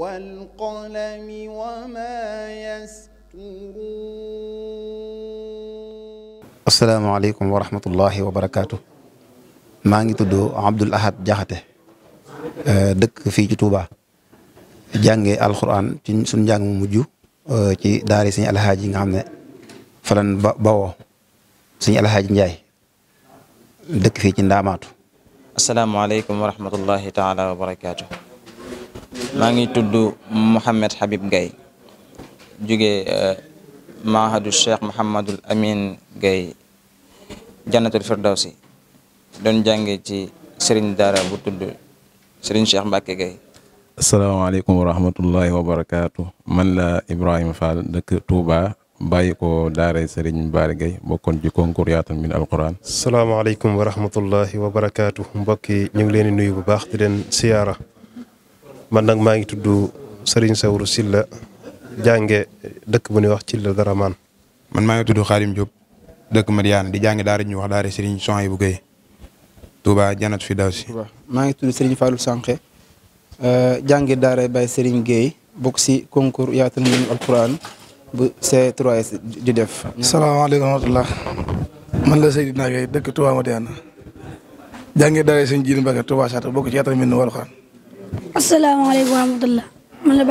والقلم وما يسطرون asalaamaaleykum wa rahmatullahi wa barakaatu maa ngi tudd Abdul Ahad Jaxate euh, dëkk fii ci Touba jàngee alxuraan ci mu mujj euh, ci daari suñu alxaaji nga xam ne falan ba bawoo suñu alxaaji Njaay dëkk fii ci Ndaamaatu asalaamaaleykum wa rahmatullahi taala wa barakaatu maa ngi tudd Mouhamed Habib Gaye jóge euh, mahadu Cheikh Mouhamadul Amin Gaye Jannatul Firdawsi doon jànge ci sëriñ daara bu tudd sëriñ Cheikh Mbacke Gaye asalaamaaleykum wa rahmatullahi wa barakaatu man la Ibrahima Fall dëkk Touba bàyyi ko daara Serigne Bara Gaye bokkoon ci concours yaatal min alquran. salaamaaleykum wa rahmatullahi wa barakaatu mbokk yi ñu ngi leen nuyu bu baax di leen man nag maa ngi tudd Serigne Sawru Silla jànge dëkk bu ñuy wax Cilla dara man man maa ngi tudd Xaadim Diop dëkk Madiane di jànge daara ñu wax daara Serigne Sohay bu Gueye Touba Janat Fidawsi maa ngi tudd Serigne Fallou Sanke euh, jànge daara Baye Serigne Gueye bokk si concours yaatal mbindum alquran bu C3S def. salaamaaleykum wa rahmatulah man la naa Gueye dëkk Touba Madiane jànge daara Serigne Jiir Mbacke Touba Sata bokk ci yaatal mbindum alquran asalaamaaleykum wa rahmatulah man la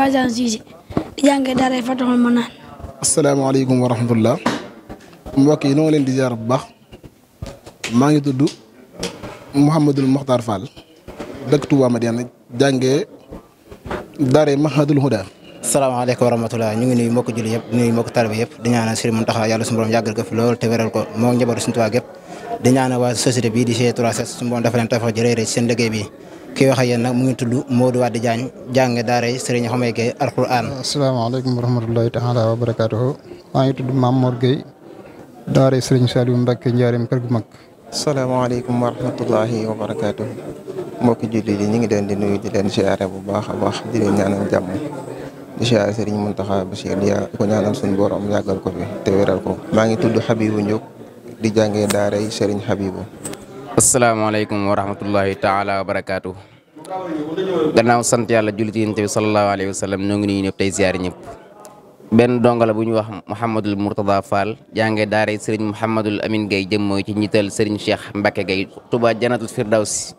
yi ñoo ngi leen di ziar bu baax maa ngi tudd Mouhamadul Mokhtar Fall dëkk Touba Madiana jàngee Daara Mahadul Huda. salaamaaleykum wa rahmatulah ñu ngi nuyu mbokk julli yëpp nuyu mbokk talibe yëpp di ñaanal Serigne Mountakha yàlla suñu borom yàggal fi lool te wéral ko moo njabaru suñu Tuubaa gépp di ñaanal waa société bii di G3S suñu borom dafa leen tafa jërëjëf seen liggéey bi. ki wax ak nag mu ngi tudd Modou di Diagne jàng daaray Sëriñ Xameke alquran. asalaamaaleykum wa rahmatulahi taala wa barakaatuhu. maa ngi tudd Mame Mor Gueye. daaray Sëriñ Saliou Mbacke Ndiarème kër gu mag. salaamaaleykum wa rahmatulahi wa barakaatuhu. mbokki ñu ngi leen di nuyu di leen siyaare bu baax a baax di leen ñaanal jàmm. di siyaare Sëriñ Mountakha Bachir di ko ñaanal suñu borom yàggal ko fi te wéral ko. maa ngi tudd Habibou Ndiouk di jàngee daaray Sëriñ Habibou. asalaamaaleykum wa rahmatullahi taala wa barakaatu gannaaw sant yàlla jullit yi Yonent bi sallallahu alayhi wa sallam ñoo ngi ziyaar ñëpp benn dongala bu ñu wax Mouhamadul Mourtada Fall jànge daara sëriñ Mouhamadul Amin Guèye jëm mooy ci njiital sëriñ Cheikh Mbacke Guèye tubaa Janatul Firdawsi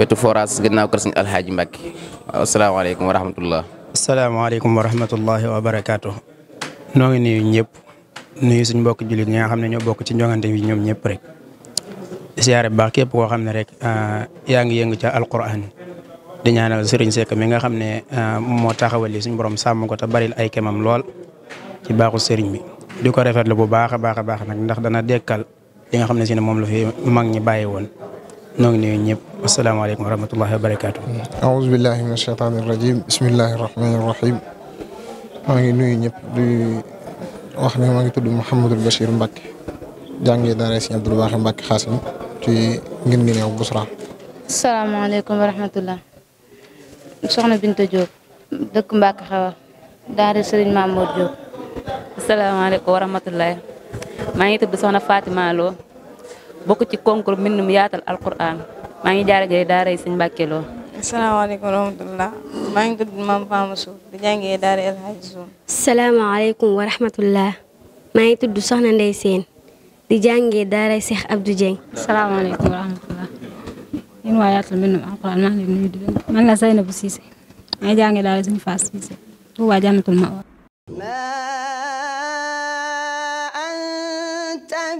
wetu foras gannaaw kër sëñ Alhaaji Mbacke asalaamaaleykum wa rahmatullah asalaamaaleykum wa rahmatullahi wa barakaatu noo ngi nuyu ñëpp nuyu mbokk jullit ñaa xam ne ñoo bokk ci njongante bi ñoom ñëpp rek siyaare bu baax képp koo xam ne rek euh, yaa ngi yëngu ca alquran di ñaanal sëriñ Seck mi nga xam ne euh, moo taxawal li suñu borom sàmm ko te bari ay kemam lool ci baaxu sëriñ bi. di ko rafetlu bu baax a baax a baax nag ndax dana dekkal li nga xam ne si ne moom la fi mag ñi bàyyi woon noo ngi ñëpp asalaamaaleykum wa rahmatullahi wa barakaatu. aouzu billahi min ashaytaani rajim bismillahi rahmaani rahim maa ngi wax ne maa ngi tudd Mouhamadul mbak Mbacke jàngee daara si Abdoul Baaxi Mbacke Xaasim ci ngin ngi new Bousra salaamaaleykum wa rahmatullah soxna Binta Diop dëkk Mbacke Xawa daara Serigne Mamour Diop salaamaaleykum wa rahmatullah maa ngi tudd soxna Fatima Lo bokk ci concours mbindum yaatal alquran maa ngi jaare gay daara yi Serigne Mbacke Lo salaamaaleykum wa rahmatullah maa ngi tudd Mam Fama Sow di jàngee daara El Hadj Sow salaamaaleykum wa rahmatullah maa ngi tudd soxna Ndeye Sène di jàngee daaray Cheikh Abdou Dieng. salaamaaleykum wa rahmatulah. yéen waa Yaatal Mbindum Alxuraan maa ngi leen di nuyu di leen man la Seynabou Cissé maa ngi jàngee daaray Sëñ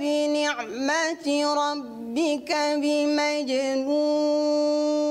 bi ni'mati rabbika bi majnuun